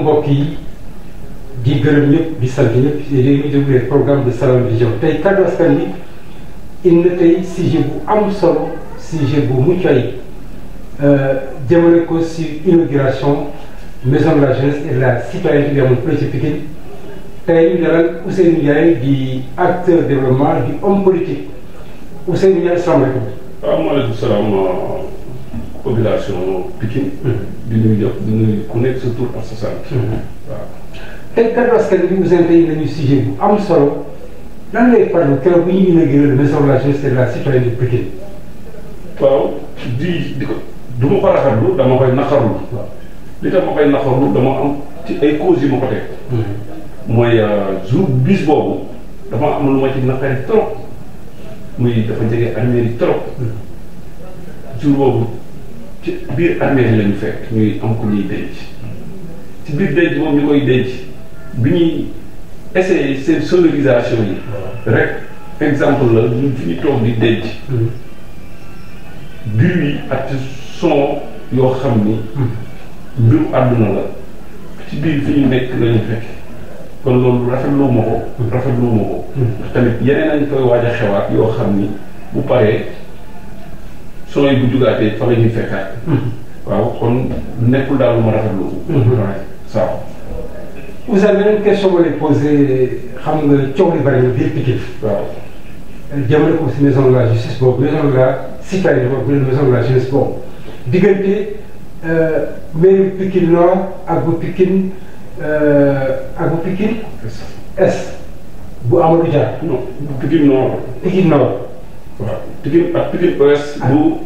mbokk yi di gërëm ñëpp di sant ñëpp yéen a déglu de Salam Vision tey kaddu askan bi indi tey sujet bu am solo sujet bu mucc ayib euh, ko si inauguration maison de la la citoyenneté bi amoon fële ci Pikine tey ñu dalal Ousseynou di acteur développement di homme politique Ousseynou Ndiaye salaamaaleykum. waaw maaleykum salaam. population Pikine. o nuyu ñëpp di nuyu ku nekk sa tur ak sa sant. Mhm. waaw. tey kaddu askan bi mu seen tey nañu sujet bu am solo lan lay faral keroog bu ñu inauguré le maison de la jeunesse et de la citoyenneté de Pikine. waaw di di ko du ma ko rafetlu dama koy naqarlu. li tax ma koy naqarlu dama am ci ay causes yu ma ko teg. Mhm. mooy euh, bis boobu dafa am lu ma ci naqari trop muy dafa jege armée yi trop. Mhm. ci biir armée lañu ñuy am ku ñuy denc ci biir denc moom ñu koy denc bi ñuy essayé seen sonorisation yi rek exemple la ñun fi ñu toog di denc biir yi ak ci son yoo xam ni mbiru àdduna la ci biir fi ñu nekk lañu fekk kon loolu rafet ma ko rafetlu ma ko ndax tamit yeneen nañ koy waaj xewaat yoo xam ni bu paree son yi bu jugaatee fa la mm-hmm. kon nekkul daal lu ma rafetlu. Mm-hmm. waaw ça va. Ousseyn beneen question ma lay posé xam nga coow li bari na biir Pikine. waaw ko si maison de la justice boobu maison de la citoyenne boobu maison de la jeunesse boobu diggante euh, mairie Pikine Nord ak bu Pikine euh, ak bu Pikine Est bu Amadou non bu Pikine Nord. Pikine ak Pikine Ouest ah. bu.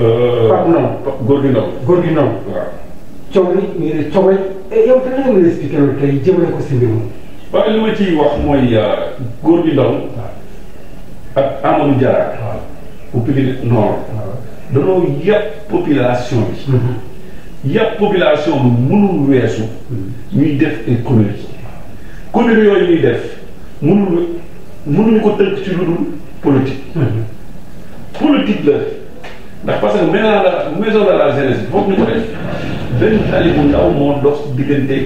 Euh, Pape Ndong góor gi Ndong góor gi Ndong. waaw coow li ñu ngi coow eh, yow da nga mën a expliqué loolu tey jëmale ko si ma ciy wax mooy euh, góor gi a ak Amadou Diarra. waaw bu Pikine Nord. danoo yàpp population bi. Mhm. yàpp population bi mënul weesu. Mhm. ñuy def ay communes. communes yooyu ñuy def mënul mënuñu ko tënk ci lu dul politique. Mhm. politique la. ndax parce que maison de la maison de la jeunesse foofu ñu ko moo dox diggante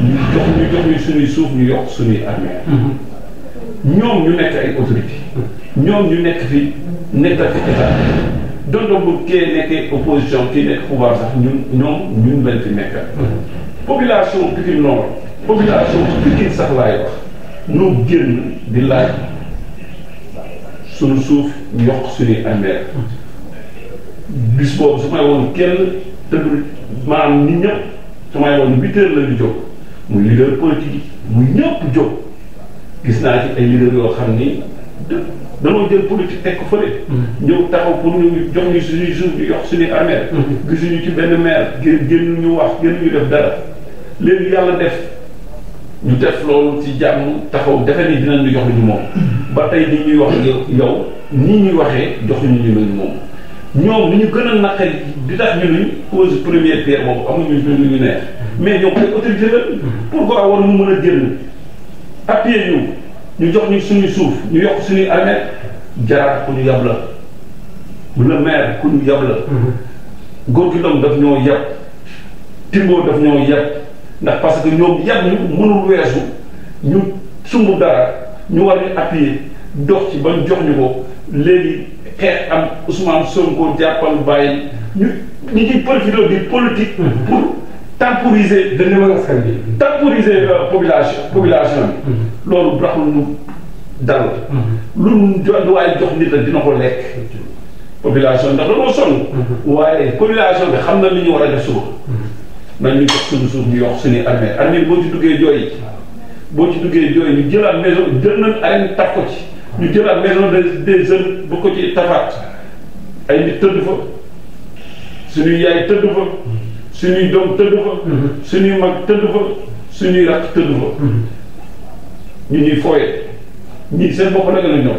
ñu jox ñu jox ñu suñuy suuf ñu yokk suñuy armée ñoom ñu nekk ay autorité ñoom ñu nekk fi nekkal fi état donto bu kee nekkee opposition kii nekk pouvoir sax ñun ñoom ñun lañ fi nekkal population Pikine Nord population Pikine sax laay wax ñoo génn di laaj suñu suuf yokk suñuy armée bis boobu su may woon kenn tëddul maanaam nit ñëpp su may woon huit heures la ñu jóg muy leader politique yi ñëpp jóg gis naa ci ay leader yoo xam ni danoo jël politique teg ko fële. Mm-hmm. ñëw taxaw pour ñu jox ñu suñuy suuf ñu yox suñuy armée. Mm-hmm. gisuñu ci benn maire génn génn ñu wax génn ñu def dara léegi yàlla def ñu def loolu ci jàmm taxaw defe ni dinañu jox ñu moom. Mm-hmm. ba tey li ñuy wax yow nii ñuy waxee joxuñu ñu moom. ñoom li ñu gën a naqari di tax ñu luñ pose première pierre boobu amuñu ñun ñu neex mais ñoom ay autorité la pourquoi war mu mën a génn appuyer ñu ñu jox ñu suñuy suuf ñu yokk suñuy armée jaraat ku ñu yab la le maire ku ñu yab la góor gi doom daf ñoo yab timboo daf ñoo yab ndax parce que ñoom yab ñu mënul weesu ñu sumb dara ñu war ñu appuyer dox ci bañ jox ñu ko léegi xeex am Ousmane Sonko jàppal bàyyi ñu ñu ngi profité di politique. Mhm. pour temporiser. dëgg la askan bi temporiser euh, population mhm. population mhm. loolu taxul ñu dal. lu mu jot waaye jox nit la dina ko lekk. population ndax dañoo sonn. waaye population bi xam na li ñu war a def suba. nañ ñu jox suñu suuf ñu yokk suñuy armée armée boo ci duggee jooy. boo ci duggee jooy ñu jëlaat maison jël nañ arène taf ñu jëlaat maison des jeunes bu ko ci tafaat ay nit tëdd fa suñuy yaay tëdd fa suñuy doom tëdd fa mm-hmm. suñuy mag tëdd fa suñuy rakk tëdd fa mm-hmm. ñu ñuy fooye ñii seen bopp rek la ñor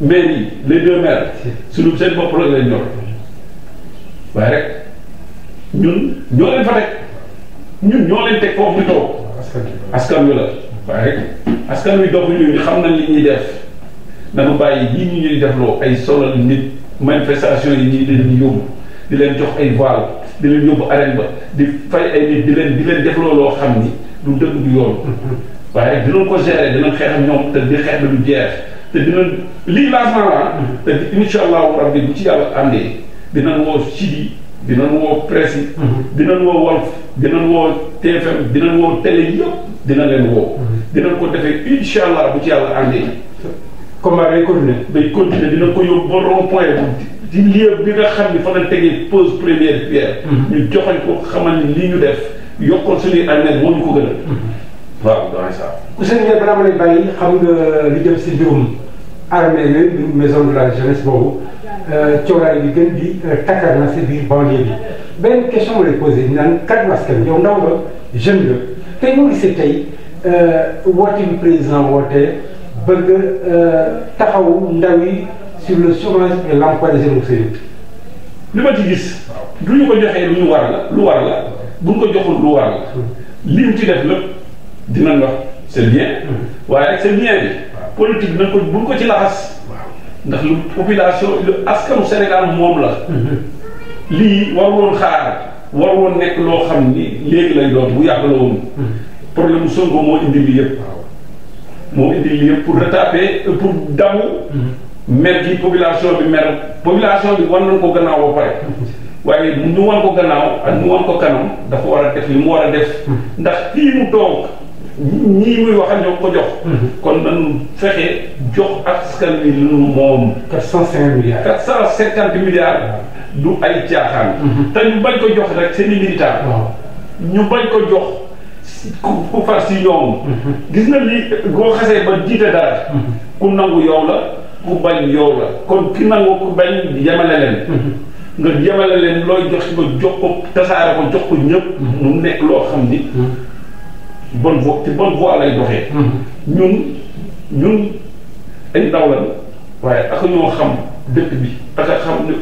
maire yi les deux maires suñu seen bopp rek la ñor waaye rek ñun ñoo leen fa teg ñun ñoo ñu toog la waaye askan wi dox ñu xam na li ñuy def nanu bàyyi yii ñu ñuy defloo ay solal nit manifestation yi ñuy leen yóbbu di leen jox ay voile di leen yóbbu arène ba di fay ay nit di leen di leen defloo loo xam ni du dëgg du yoon waaye dinañ ko gérer dinañ xeex ak ñoom te di xeex bi du jeex te dinañ lii lancement la te incha allahu rabbi bu ci yàlla àndee dinañ woo si dina woo presse mhm. dina dinañ woo Walf dinañ woo TFM dinañ woo télé yëpp dina leen woo. Mhm. dinañ ko defee incha allah bu ci yàlla àndee. combat day continuer. day continuer dina ko yóbbu ba rond point di lieu bi nga xam ni fa la tegee pose première pierre. Mhm. ñu joxañ ko xamal ni li ñu def yokkoon suñuy année moo ñu ko gën a. waaw doy saa. Ousseynou Ndiaye balaa ma lay bàyyi xam nga li jëm si mbirum armée yooyu maison de la jeunesse boobu. Euh, cooraay bi gën di euh, takkar na si biir banlieue bi benn question lay posé naan kaddu askan yow ndaw la jeune la te moo gisee tey euh, woote bi président woote bëgg taxaw ndaw yi sur le chômage et l'emploi des jeunes sénégalais li ma ci gis du ñu ko joxee lu ñu war la lu war la bu ñu ko joxul lu war la li mu ci def lépp dinañ wax c'est bien mm. waaye rek bien bi politique nañ ko bu ñu ko ci laxas ndax lu population lu askanu Sénégal moom la. lii war woon xaar war nekk loo xam ni léegi lay doon bu yàgg la woon. problème mu Sonko moo indi lii yëpp. moo indi lii yëpp pour retaper pour damu. mer gi population bi mer population bi war nañ ko gannaaw ba pare. waaye ñu wan ko gannaaw ak ñu ko kanam dafa war a def li mu war a def. ndax fii mu toog. ñii muy waxal ko jox. Mhm. kon nañu fexe jox askan wi lu moom. quatre cent cinq milliards. quatre du ay caaxaan. Mhm. te ñu bañ ko jox rek seen i ñu bañ ko jox ku far si ñoom. Mhm. gis na li boo xasee ba jiite dara. ku nangu yow la ku bañ yow la kon ki nangu ku bañ yemale leen. nga yemale leen looy jox ko jox ko tasaare ko jox ko ñëpp. mu nekk loo xam ni. bonne voie ci bonne voie lay doxee. Hmm. ñun ñun ay la lañ waaye ak ñoo xam dëkk bi ak a xam ne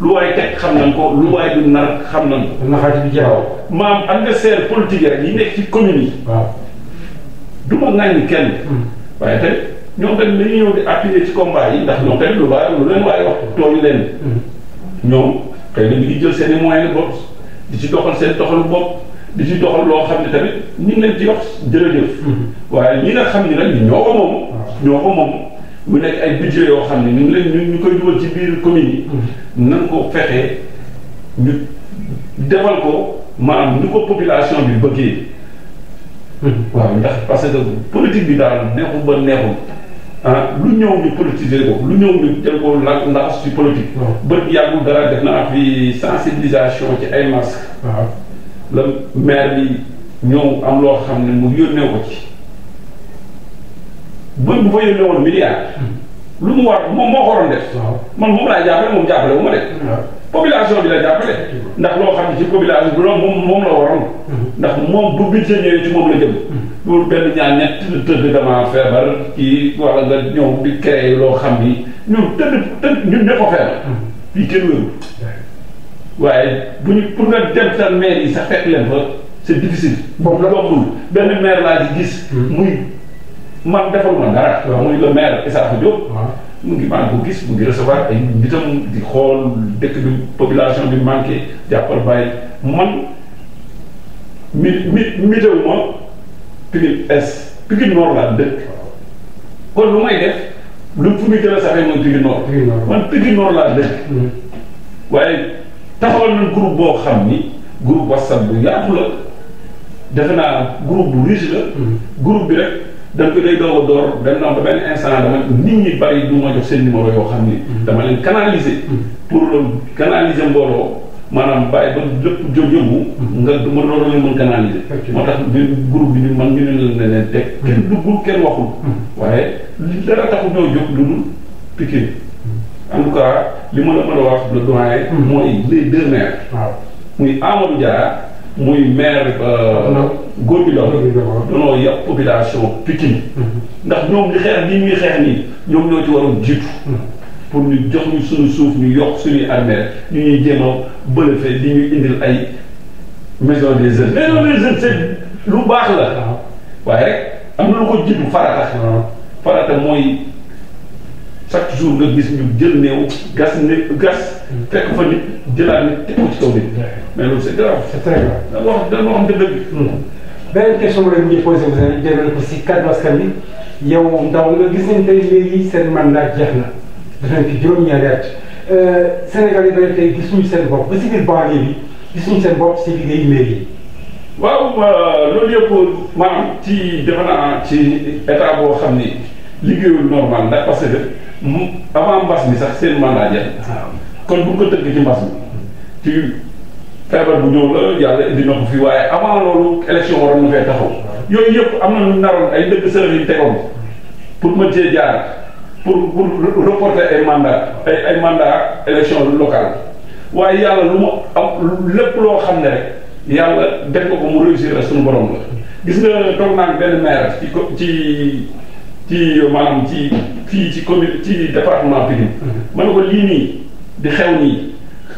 lu waay teg xam nañ ko lu waay du nar xam na ko. naxaati bi jaaw maam adversaire politique rek yi nekk ci commune yi. waaw du ma ŋàññi kenn. Hmm. waaye tamit ñoom tamit dañuy ñëw di appuyer ci combat yi ndax ñoom tamit lu waay lu leen waay wax tooñu leen. Hmm. ñoom xëy na ñu ngi jël seen i moyens de bopp di ci doxal seen doxalu bopp. di ci doxal loo xam ne tamit ñu ngi leen ci wax jërëjëf. waaye ñi nga xam ne nag ñoo ko moom. ñoo ko moom mu nekk ay budget yoo xam ne ñu ngi leen ñu koy dugal ci biir communes yi. nan ko fexee ñu defal ko maanaam ni ko population bi bëggee. waaw ndax parce que politique bi daal neexul ba neexul. Ah lu ñëw ñu politiser ko lu ñëw ñu jël ko la ndax ci politique. waaw yàggul dara def na fi sensibilisation ci ay masques. la maire bi ñëw am loo xam ne mu yónnee ko ci buñ bu fa yónnee woon milliard lu mu war moom moo ko waroon def. man moom laa jàppale moom jàppale wu ma la jàppale. ndax loo xam ne ci moom moom mm-hmm. ndax moom bu budget ñëwee ci moom la jëm. Mm-hmm. loolu benn ñaar ñett tëdd damaa feebar kii wala nga ñëw di créé loo xam ni ñun tëdd tëdd ñun ñëpp a feebar. Mm-hmm. fii kenn wéru waaye bu ñu pour nga dem sa maire yi sax fekk leen fa c'est difficile. boobu la bokkul benn maire laa ci gis. Hmm. muy man defaluma dara. muy le maire Issa Diop. mu ngi maa gis mu ngi recevoir ay nitam di xool dëkk bi population bi manqué jàppal bàyyi man mi mi mitewu ma Pikine Est Pikine Nord laa dëkk. kon lu may def lu fu muy gën a safee mooy Pikine Nord. man Pikine Nord laa dëkk. Hmm. taxawal nañ group boo xam ni groupe whatsapp bu yaatu defe naa group bu riche la. Hmm. bi rek dañ ko day doog a door benn instant dama nit ñi bari du ma jox seen numéro yoo xam ni. Hmm. dama leen canaliser. Hmm. pour canaliser mbooloo. maanaam bàyyi ba lépp jóg yëngu. nga ma loolu la mën canaliser. moo tax bi groupe bi man ñu ne leen leen teg. kenn duggul kenn waxul. waaye dara taxu ñoo jóg lu dul piqué. en tout ka li ma la mën a wax le doyen. Hmm. mooy les deux maires. waaw muy Amadou Dia muy maire. Gorbidor danoo yàpp population Pikine hmm. ndax ñoom li xeex nii ñuy xeex nii ñoom ñoo ci waroon jiitu. Hmm. pour ñu jox ñu suñu suuf ñu yokk suñuy armée ñu ñuy jéem a bëlëfe di ñu indil ay maison des jeunes. maison des jeunes c'est lu baax la. waaye am na lu ko jiitu farata. farata mooy. chaque jour nga gis ñu jël néew gas ne gas. fekk fa nit jëlaat nit teg ko ci kaw nit. mais loolu c' est grave. c' est très grave da nga wax da nga wax dëgg. Hmm. beneen question bu leen ñuy posé wu seen jëmale ko si kaddu askan bi yow ndaw nga gis nañ tey léegi seen mandat jeex na def nañ fi juróom-ñaari at euh, Sénégal yi ba tey gisuñu seen bopp ba si biir banlieue bi gisuñu seen bopp si liggéeyu mairie yi. waaw euh, loolu yëpp maanaam ci defe naa ci état boo xam ni liggéeyul normal ndax parce que. mu avant mbas mi sax seen mandat jeex ah. kon bu ko tëgg ci mbas mi ci feebar bu ñëw la yàlla indi na ko fi waaye avant loolu élection waroon na fee taxaw yooyu yëpp am na ñu naroon ay dëgg sërëx yi pour mën cee jaar pour pour reporter ay waaye yàlla lu mu am lépp loo xam ne rek yàlla def ko ko mu réussir ak suñu borom la gis nga toog naa benn maire ci ci ci maanaam ci fii ci commune ci département Pikine mhm. ma ne ko lii nii di xew nii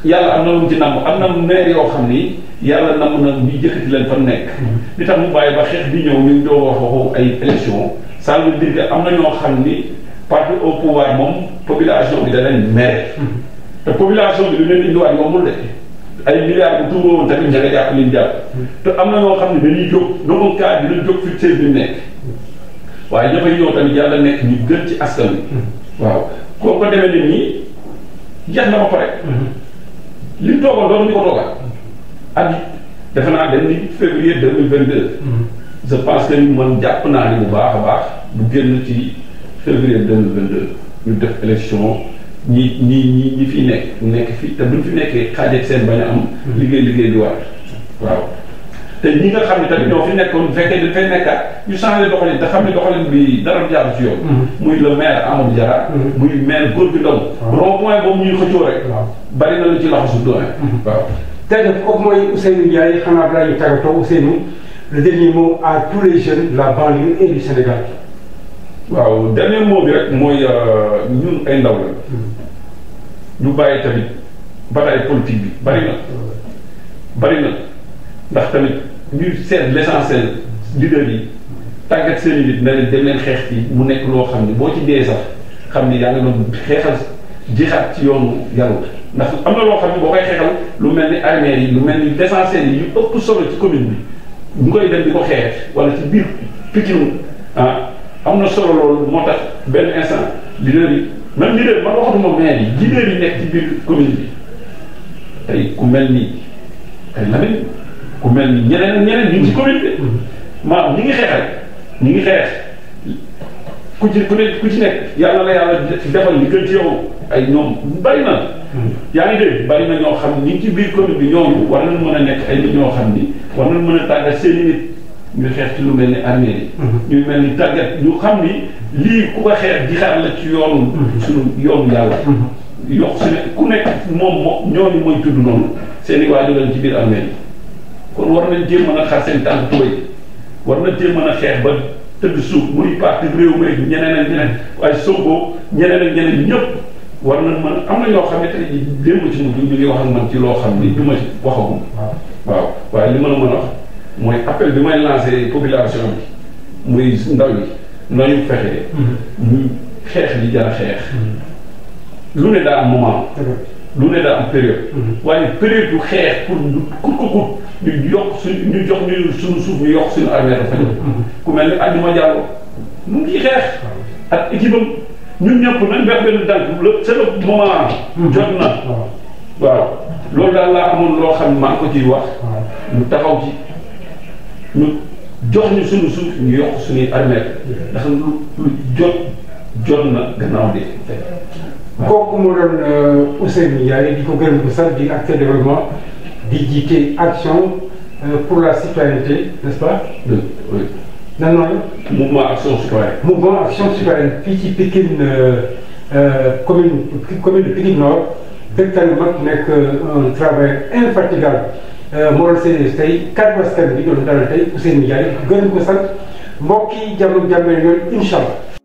yàlla am na lu mu am na maire yoo xam ni yàlla namm na ñu jëkkati leen fa nekk mhm. li tax mu bàyyi ba xeex bi ñëw ñu doo wax waxu ay élection ça veut dire am na ñoo xam ni parti au pouvoir moom population bi da leen mere mhm. te population bi lu leen indiwaat yombul de ay milliards bu am woon tamit njëkk a jàpp liñ jàpp te am na ñoo xam ne dañuy jóg dans un cas dinañ jóg fi seen bi waaye ña fay ñëw tamit yàlla nekk ñu gën ci askan wi. Hmm. waaw kooku ko demee nit ñi na ba pare. Hmm. li mu toogoon doon ñu ko toogaat. Hmm. ak defe naa dem ni février deux mille vingt deux. je pense man jàpp naa ni bu baax a baax bu génn ci février de mille vingt ñu def élection. ñi ñi ñi ñi fi nekk nekk fi te buñ fi nekkee xaaj ak seen bañ am. liggéey liggéey bi war waaw. te ñi nga xam ne tamit ñoo fi nekkoon bu fekkee dañ fay nekkaat ñu changé doxalin te xam ne doxalin bi dara jaar ci yoon. Mm-hmm. muy le maire Amadou Diarra. Mm-hmm. muy maire góor gi dong. Ah. rond point boobu ñuy xëccoo rek. bari na lu ci laxasu doole. Mm-hmm. waaw tey kooku mooy Ousseynou Ndiaye xanaa balaa ñu tàggatoo Ousseynou le dernier mot à tous les jeunes de la banlieue et du Sénégal. waaw dernier mot bi rek mooy euh, ñun bari na. bari ndax tamit ñu seet l'essentiel leader yi tàggat seen nit na leen dem leen xeex ci mu nekk loo xam ne boo ci sax xam ni ya ngi doon xeexal jixaat ci yoonu yàlla ndax am na loo xam ne boo koy xeexal lu mel ni armée yi lu mel ni l'essentiel yu ëpp solo ci commune bi ñu koy dem di ko xeex wala ci biir Pikine ah am na solo loolu moo tax benn instant leader même leader man waxatuma maire yi leader yi nekk ci biir commune bi tey ku mel ni tey Lamine ku mel ni ñeneen ñeneen ñu ko ci commune bi. maam mm-hmm. ñi ngi xeexal ñi ngi xeex ku ci ku ne ku ci nekk yàlla la yàlla defal li gën ci yow ay ñoom bari na. Mm-hmm. yaa ngi dégg bari na ñoo xam ni ci biir commune bi ñoom war nañu mën a nekk ay nit ñoo xam ni war nañu mën a tàggat nit ñu xeex ci lu mel ni armée yi. Mm-hmm. ñu mel ni tàggat ñu xam ni lii ku ko xeex jixaar la ci yoonu. suñu yoonu yàlla. yokk su ne ku nekk moom moo ñooñu mooy tudd noonu ci biir armée kon war na jéem mën a xar seen tànk war na jéem mën a xeex ba tëdd suuf muy parti réew mi ñeneen ak ñeneen waaye Sonko ñeneen ak ñeneen ñëpp war na man am na ñoo xam ne tey démb ci mujj ñu ngi wax man ci loo xam ni du ma waxagum. waaw waaye li ma la mën a wax mooy appel bi may lancé population bi muy ndaw yi nañu fexe. Mhm. ñu xeex li jar a xeex. Mhm. lu ne daa am moment. lu ne daa am période. Mhm. waaye période bu xeex pour pour ko ñu yokk suñ ñu jox ñu suñu suuf ñu yokk suñu ku mel ni Adjuma Diallo mu ngi xeex ak équipe am ñun ñëpp nañ def benn tànk le c'est le moment jot na waaw loolu daal laa amoon loo xam ne maa ko ciy wax ñu taxaw ci ñu jox ñu suñu suuf ñu yokk suñuy armée ndax lu jot jot na gannaaw de kooku mu doon euh, Ousseynou Ndiaye di ko gërëm ko sant di acte développement di jiite action euh, pour la citoyenneté n'est-ce pas. oui nan noonu. mouvement action citoyenne. mouvement action citoyenne fii ci Pikine euh, euh, commune commune de Pikine Nord docteur bu mag nekk un travail infatigable moo doon seen tey kàddu askan bi ñu doon dalal tey Ousseynou Ndiaye gën ko sant mbokk yi jàmm